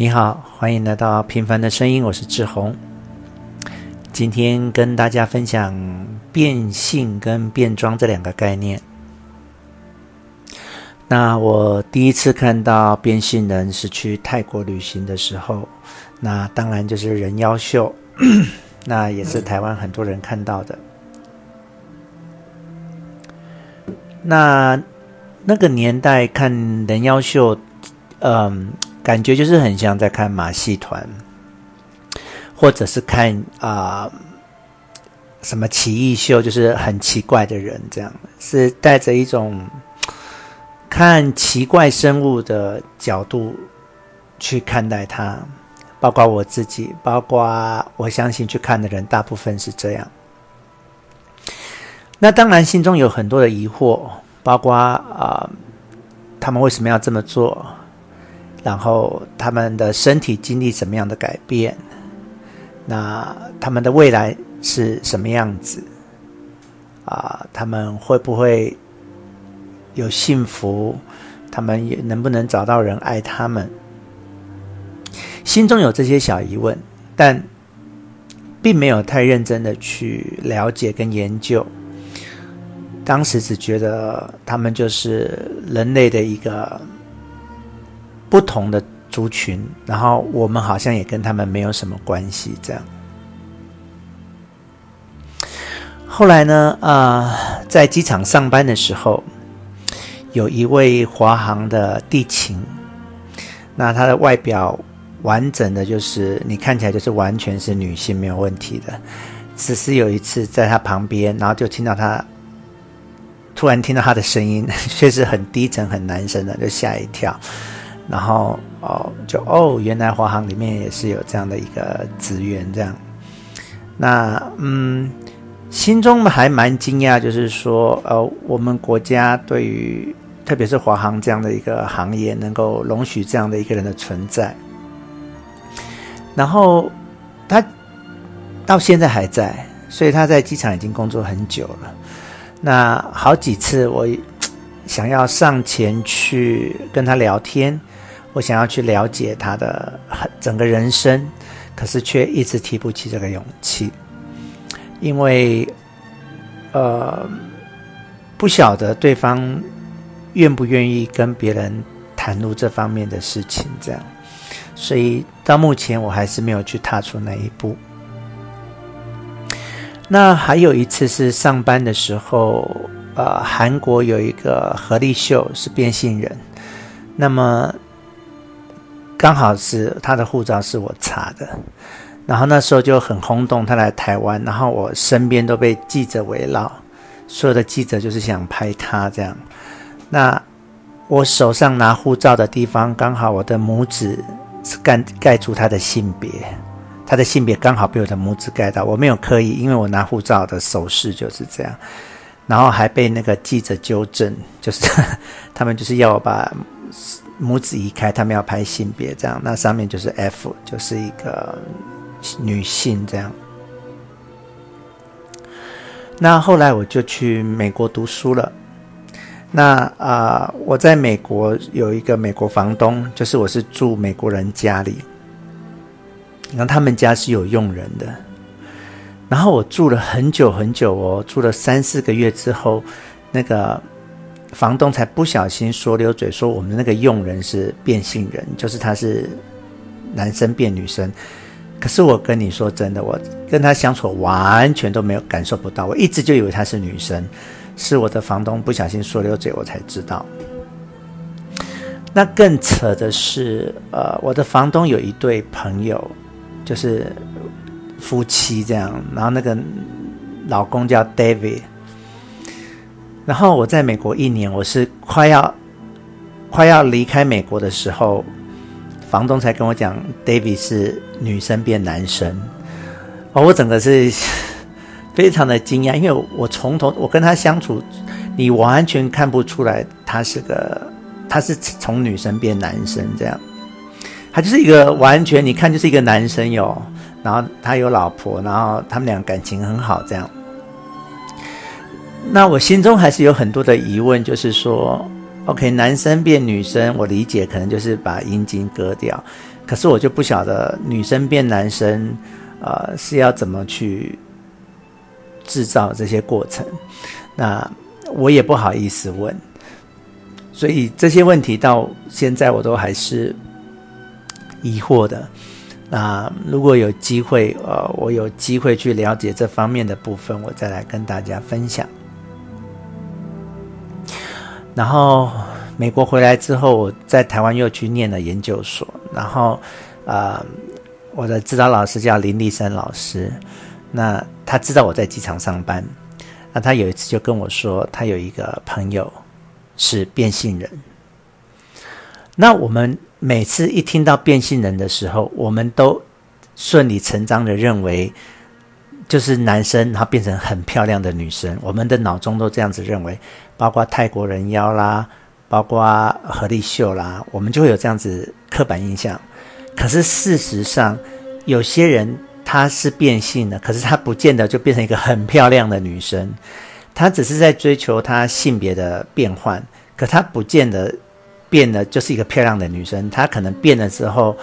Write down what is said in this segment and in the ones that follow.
你好，歡迎來到平凡的聲音，我是志宏。今天跟大家分享變性跟變裝這兩個概念。那我第一次看到變性人是去泰國旅行的時候，那當然就是人妖秀， 那也是台灣很多人看到的。那那個年代看人妖秀，嗯、呃。感覺就是很像在看馬戲團，或者是看啊、呃、什麼奇異秀，就是很奇怪的人，這樣是帶着一種看奇怪生物的角度去看待它，包括我自己，包括我相信去看的人大部分是這樣。那當然心中有很多的疑惑，包括啊、呃、他們為什麼要這麼做？然後他們的身體經歷什麼樣的改變？那他們的未來是什麼樣子？啊、呃，他們會不會有幸福？他們也能不能找到人愛他們？心中有這些小疑問，但並沒有太認真的去了解跟研究。當時只覺得他們就是人類的一個。不同的族群，然後我們好像也跟他們沒有什麼關係。這樣，後來呢？啊、呃，在機場上班的時候，有一位華航的地勤，那他的外表完整的，就是你看起來就是完全是女性，沒有問題的。只是有一次在他旁邊，然後就聽到他突然聽到他的聲音，確實很低沉、很男生的，就嚇一跳。然後哦，就哦，原來華航裡面也是有這樣的一個職員這樣。那嗯，心中還蠻驚訝，就是說呃，我們國家對於特別是華航這樣的一個行業，能夠容許這樣的一個人的存在。然後他到現在還在，所以他在機場已經工作很久了。那好幾次我。想要上前去跟他聊天，我想要去了解他的整個人生，可是卻一直提不起這個勇氣，因為，呃，不曉得對方願不願意跟別人談論這方面的事情，這樣，所以到目前我還是沒有去踏出那一步。那還有一次是上班的時候。呃，韓國有一個河莉秀是變性人，那麼剛好是他的護照是我查的，然後那時候就很轟動，他來台灣，然後我身邊都被記者圍繞，所有的記者就是想拍他這樣。那我手上拿護照的地方，剛好我的拇指是蓋蓋住他的性別，他的性別剛好被我的拇指蓋到，我沒有刻意，因為我拿護照的手勢就是這樣。然後還被那個記者糾正，就是他們就是要我把拇指移開，他們要拍性別這樣，那上面就是 F，就是一個女性這樣。那後來我就去美國讀書了。那啊、呃，我在美國有一個美國房東，就是我是住美國人家裡，然後他們家是有傭人的。然後我住了很久很久哦，我住了三四個月之後，那個房東才不小心說溜嘴，說我們那個傭人是變性人，就是他是男生變女生。可是我跟你說真的，我跟他相處完全都沒有感受不到，我一直就以為他是女生，是我的房東不小心說溜嘴，我才知道。那更扯的是，呃，我的房東有一對朋友，就是。夫妻這樣，然後那個老公叫 David，然後我在美國一年，我是快要快要離開美國的時候，房東才跟我講，David 是女生變男生，我、哦、我整個是非常的驚訝，因為我從頭我跟他相處，你完全看不出來他是個他是從女生變男生這樣，他就是一個完全你看就是一個男生喲。然後他有老婆，然後他們倆感情很好，這樣。那我心中還是有很多的疑問，就是說，OK，男生變女生，我理解可能就是把陰莖割掉，可是我就不曉得女生變男生，呃，是要怎麼去制造這些過程。那我也不好意思問。所以這些問題到現在我都還是疑惑的。那，呃，如果有機會，呃，我有機會去了解這方面的部分，我再來跟大家分享。然後美國回來之後，我在台灣又去念了研究所。然後，呃，我的指導老師叫林立山老師。那他知道我在機場上班，那他有一次就跟我說，他有一個朋友是變性人。那我們。每次一聽到變性人的時候，我們都順理成章的認為就是男生，然後變成很漂亮的女生。我們的腦中都這樣子認為，包括泰國人妖啦，包括河莉秀啦，我們就會有這樣子刻板印象。可是事實上，有些人他是變性的，可是他不見得就變成一個很漂亮的女生，他只是在追求他性別的變換，可他不見得。變了就是一個漂亮的女生，她可能變了之後，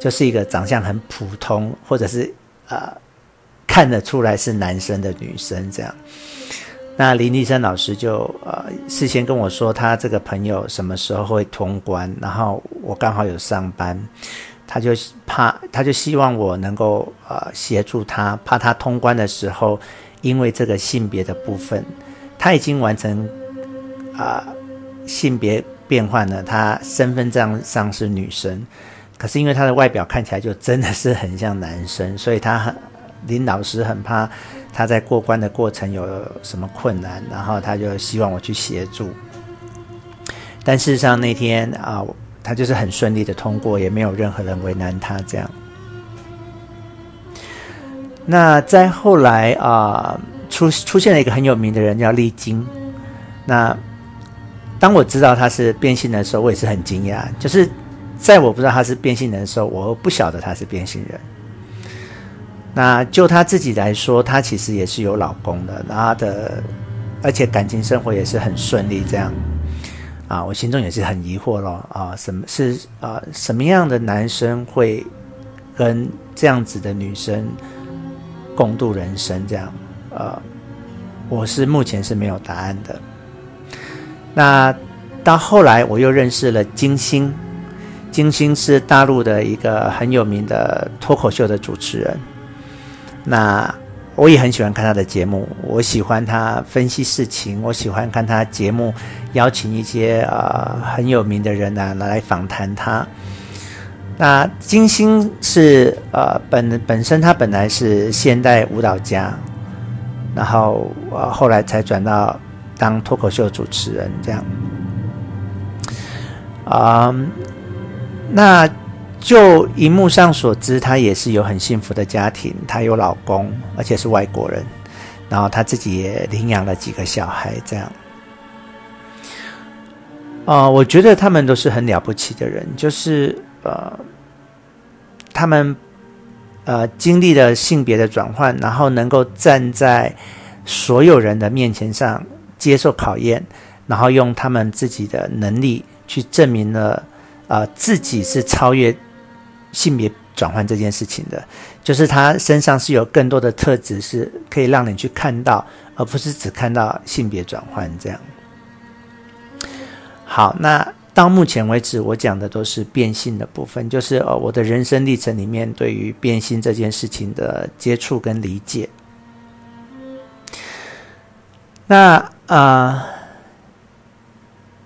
就是一個長相很普通，或者是啊、呃、看得出來是男生的女生這樣。那林立生老師就呃事先跟我說，他這個朋友什麼時候會通關，然後我剛好有上班，他就怕，他就希望我能夠啊協助他，怕他通關的時候因為這個性別的部分，他已經完成啊、呃、性別。變換呢？她身份證上是女生，可是因為她的外表看起來就真的是很像男生，所以她很林老師很怕她在過關的過程有什麼困難，然後他就希望我去協助。但事實上那天啊、呃，他就是很順利的通過，也沒有任何人為難他這樣。那再後來啊、呃，出出現了一個很有名的人叫利菁，那。當我知道他是變性人的時候，我也是很驚訝。就是在我不知道他是變性人的時候，我不曉得他是變性人。那就他自己來說，他其實也是有老公的，然後他的而且感情生活也是很順利。這樣啊，我心中也是很疑惑咯，啊，什麼是啊什麼樣的男生會跟這樣子的女生共度人生？這樣啊，我是目前是沒有答案的。那到後來，我又認識了金星。金星是大陸的一個很有名的脫口秀的主持人。那我也很喜歡看他的節目，我喜歡他分析事情，我喜歡看他節目邀請一些呃很有名的人啊，來訪談他。那金星是呃本本身他本來是現代舞蹈家，然後呃後來才轉到。當脫口秀主持人這樣，啊、嗯，那就熒幕上所知，她也是有很幸福的家庭，她有老公，而且是外國人，然後她自己也領養了幾個小孩，這樣，啊、嗯，我覺得他們都是很了不起的人，就是呃，他們呃經歷了性別的轉換，然後能夠站在所有人的面前上。接受考驗，然後用他們自己的能力去證明了，啊、呃，自己是超越性別轉換這件事情的，就是他身上是有更多的特質是可以讓你去看到，而不是只看到性別轉換這樣。好，那到目前為止，我講的都是變性的部分，就是呃，我的人生歷程裡面對於變性這件事情的接觸跟理解，那。啊、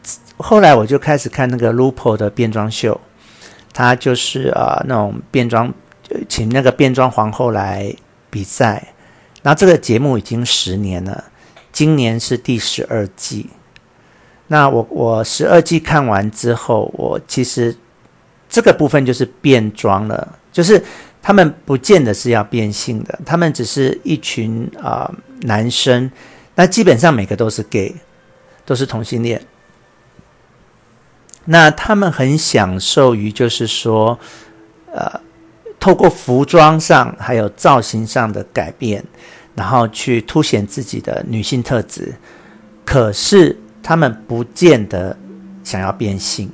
呃，後來我就開始看那個 RuPaul 的變裝秀，他就是啊、呃、那種變裝，請那個變裝皇後來比賽。那這個節目已經十年了，今年是第十二季。那我我十二季看完之後，我其實這個部分就是變裝了，就是他們不見得是要變性的，他們只是一群啊、呃、男生。那基本上每個都是 gay，都是同性戀。那他們很享受於就是說，呃，透過服裝上還有造型上的改變，然後去凸顯自己的女性特質。可是他們不見得想要變性，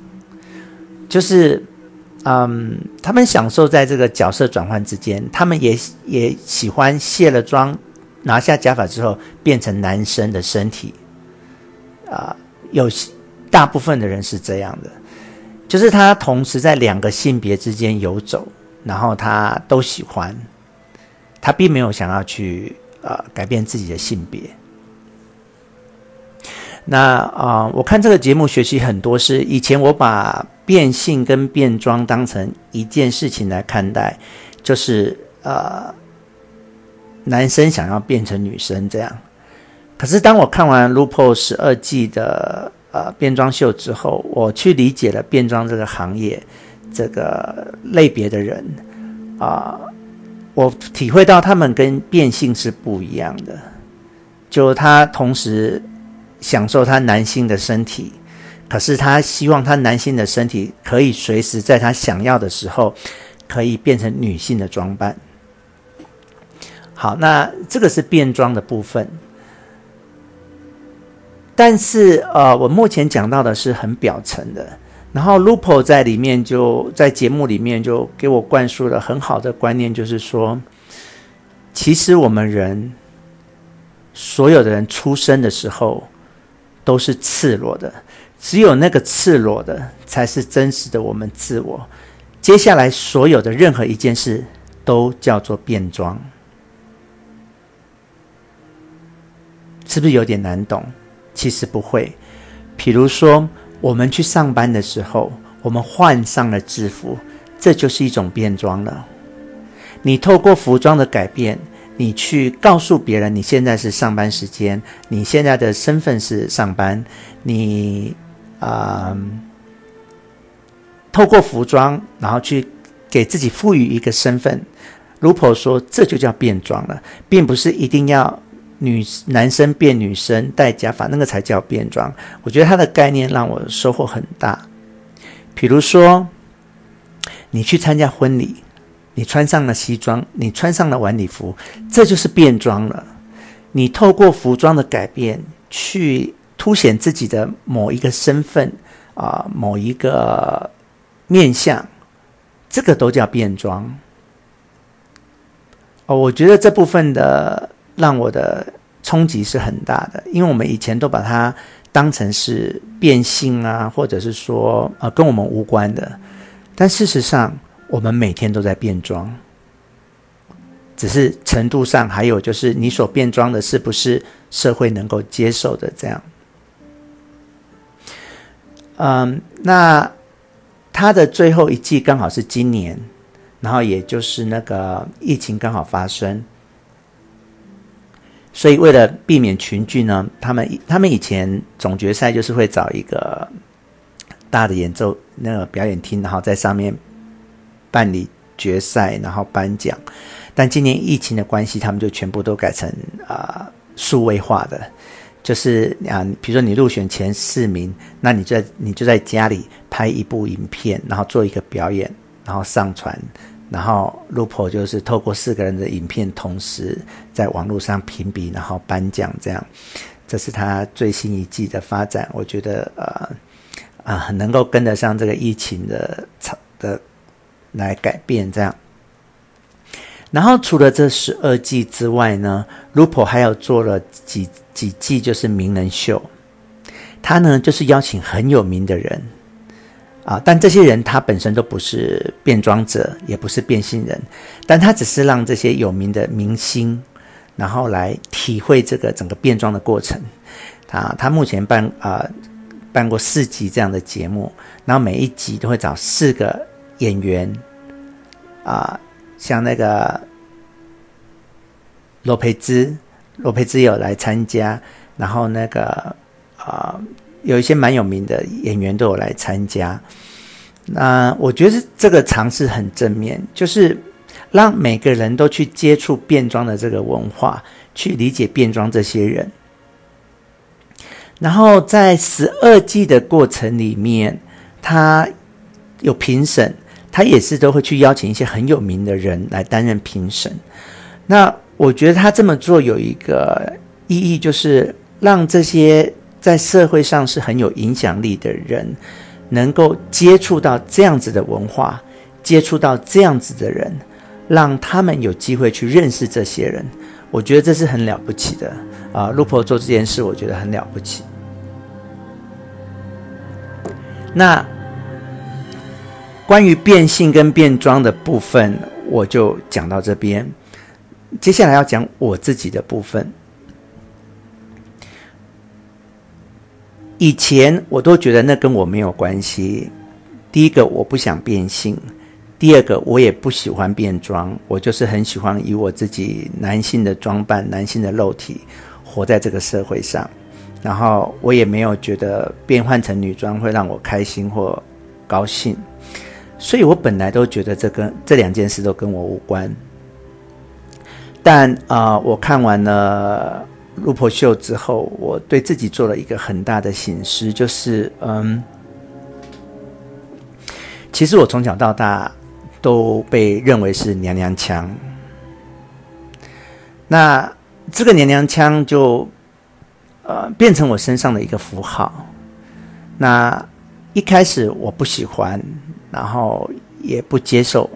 就是，嗯，他們享受在這個角色轉換之間，他們也也喜歡卸了妝。拿下假髮之後，變成男生的身體，啊、呃，有大部分的人是這樣的，就是他同時在兩個性別之間遊走，然後他都喜歡，他並沒有想要去呃改變自己的性別。那啊、呃，我看這個節目學習很多事，是以前我把變性跟變裝當成一件事情來看待，就是呃。男生想要變成女生這樣，可是當我看完 Lupo 十二季的呃變裝秀之後，我去理解了變裝這個行業這個類別的人啊，呃，我體會到他們跟變性是不一樣的。就他同時享受他男性的身體，可是他希望他男性的身體可以隨時在他想要的時候可以變成女性的裝扮。好，那這個是變裝的部分，但是呃，我目前講到的是很表層的。然後 Lupo 在裡面就在節目裡面就給我灌輸了很好的觀念，就是說，其實我們人所有的人出生的時候都是赤裸的，只有那個赤裸的才是真實的我們自我。接下來所有的任何一件事都叫做變裝。是不是有點難懂？其實不會。比如說，我們去上班的時候，我們換上了制服，這就是一種變裝了。你透過服裝的改變，你去告訴別人，你現在是上班時間，你現在的身份是上班。你啊、呃，透過服裝，然後去給自己賦予一個身份。如果說，這就叫變裝了，並不是一定要。女，男生變女生戴假髮，那個才叫變裝。我覺得他的概念讓我收穫很大。比如說，你去參加婚禮，你穿上了西裝，你穿上了晚禮服，這就是變裝了。你透過服裝的改變去凸顯自己的某一個身份啊、呃，某一個面相，這個都叫變裝。哦、呃，我覺得這部分的。讓我的衝擊是很大的，因為我們以前都把它當成是變性啊，或者是說呃跟我們無關的。但事實上，我們每天都在變裝，只是程度上，還有就是你所變裝的是不是社會能夠接受的這樣。嗯，那它的最後一季剛好是今年，然後也就是那個疫情剛好發生。所以為了避免群聚呢，他們他們以前總決賽就是會找一個大的演奏那個表演廳，然後在上面辦理決賽，然後頒獎。但今年疫情的關係，他們就全部都改成啊、呃、數位化的，就是啊，比如說你入選前四名，那你就你就在家裡拍一部影片，然後做一個表演，然後上傳。然後 RuPaul 就是透過四個人的影片同時在網絡上評比，然後頒獎這樣。這是他最新一季的發展，我覺得呃啊、呃，很能夠跟得上這個疫情的的來改變這樣。然後除了這十二季之外呢 RuPaul 還有做了幾幾季，就是名人秀。他呢就是邀請很有名的人。啊！但這些人他本身都不是變裝者，也不是變性人，但他只是讓這些有名的明星，然後來體會這個整個變裝的過程。啊，他目前辦啊、呃、辦過四集這樣的節目，然後每一集都會找四個演員，啊、呃，像那個羅佩茲，羅佩茲有來參加，然後那個啊。呃有一些蠻有名的演員都有來參加，那我覺得這個嘗試很正面，就是讓每個人都去接觸變裝的這個文化，去理解變裝這些人。然後在十二季的過程裡面，他有評審，他也是都會去邀請一些很有名的人來擔任評審。那我覺得他這麼做有一個意義，就是讓這些。在社會上是很有影響力的人，能夠接觸到這樣子的文化，接觸到這樣子的人，讓他們有機會去認識這些人，我覺得這是很了不起的啊。陸婆做這件事，我覺得很了不起。那關於變性跟變裝的部分，我就講到這邊，接下來要講我自己的部分。以前我都覺得那跟我沒有關係。第一個，我不想變性；第二個，我也不喜歡變裝。我就是很喜歡以我自己男性的裝扮、男性的肉體活在這個社會上。然後我也沒有覺得變換成女裝會讓我開心或高興。所以我本來都覺得這跟這兩件事都跟我無關。但啊，呃，我看完了。露波秀之後，我對自己做了一個很大的省思，就是嗯，其實我從小到大都被認為是娘娘腔，那這個娘娘腔就呃變成我身上的一個符號。那一開始我不喜歡，然後也不接受，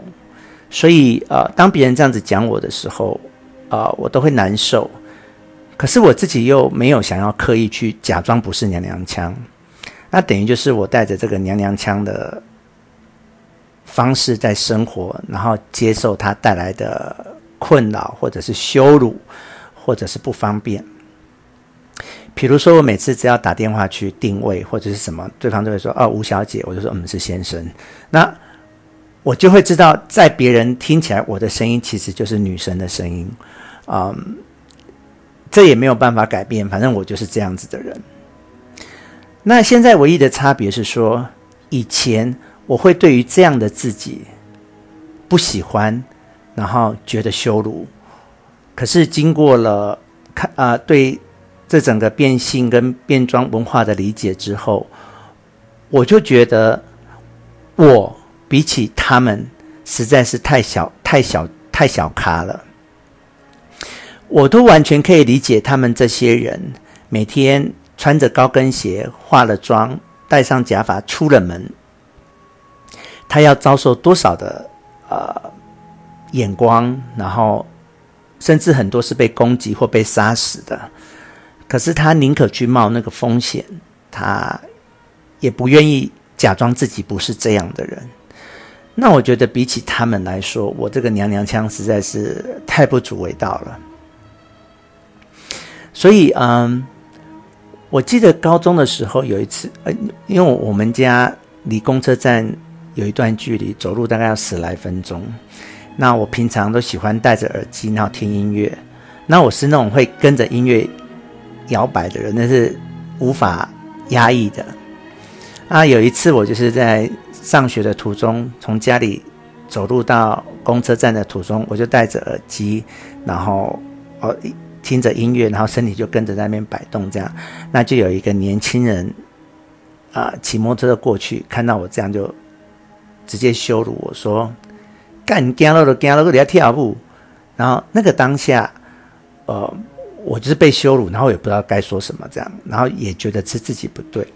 所以呃當別人這樣子講我的時候啊、呃，我都會難受。可是我自己又沒有想要刻意去假裝不是娘娘腔，那等於就是我帶着這個娘娘腔的方式在生活，然後接受它帶來的困擾，或者是羞辱，或者是不方便。比如說，我每次只要打電話去訂位或者是什麼，對方都會說：“哦，吳小姐。”我就說：“我、嗯、們是先生。”那我就會知道，在別人聽起來，我的聲音其實就是女生的聲音啊。嗯這也沒有辦法改變，反正我就是這樣子的人。那現在唯一的差別是說，以前我會對於這樣的自己不喜歡，然後覺得羞辱。可是經過了看啊、呃，對這整個變性跟變裝文化的理解之後，我就覺得我比起他們實在是太小、太小、太小咖了。我都完全可以理解他們這些人每天穿着高跟鞋、化了妝、戴上假髮出了門，他要遭受多少的呃眼光，然後甚至很多是被攻擊或被殺死的。可是他寧可去冒那個風險，他也不願意假裝自己不是這樣的人。那我覺得比起他們來說，我這個娘娘腔實在是太不足為道了。所以，嗯，我記得高中的時候有一次，呃，因為我們家離公車站有一段距離，走路大概要十來分鐘。那我平常都喜歡戴着耳機，然後聽音樂。那我是那種會跟着音樂搖擺的人，但是無法壓抑的。啊，有一次我就是在上學的途中，從家裡走路到公車站的途中，我就戴着耳機，然後哦。呃聽着音樂，然後身體就跟着在那邊擺動，這樣，那就有一個年輕人，啊、呃，騎摩托車過去，看到我這樣就直接羞辱我說：“干干了都干了，擱你要跳舞。”然後那個當下，呃，我就是被羞辱，然後也不知道該說什麼，這樣，然後也覺得是自己不對。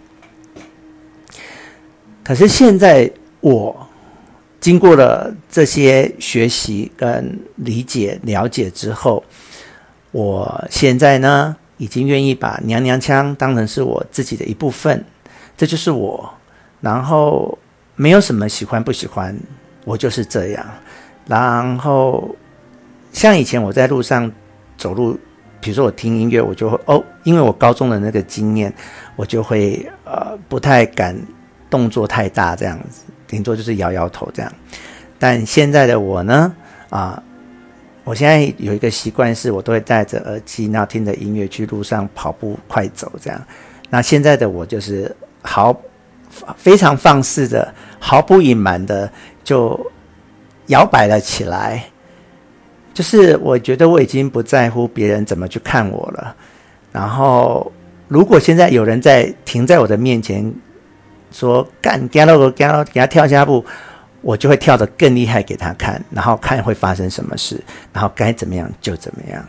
可是現在我經過了這些學習跟理解了解之後。我現在呢，已經願意把娘娘腔當成是我自己的一部分，這就是我。然後沒有什麼喜歡不喜歡，我就是這樣。然後像以前我在路上走路，比如說我聽音樂，我就會哦，因為我高中的那個經驗，我就會呃不太敢動作太大這樣子，頂多就是搖搖頭這樣。但現在的我呢，啊、呃。我現在有一個習慣，是我都會戴着耳機，然後聽着音樂去路上跑步、快走這樣。那現在的我就是毫非常放肆的、毫不隱瞞的就搖擺了起來。就是我覺得我已經不在乎別人怎麼去看我了。然後，如果現在有人在停在我的面前說“幹，給他跳下步。”我就會跳得更厲害給他看，然後看會發生什麼事，然後該怎麼樣就怎麼樣。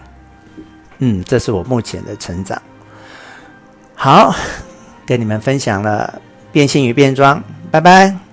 嗯，這是我目前的成長。好，跟你們分享了變性與變裝，拜拜。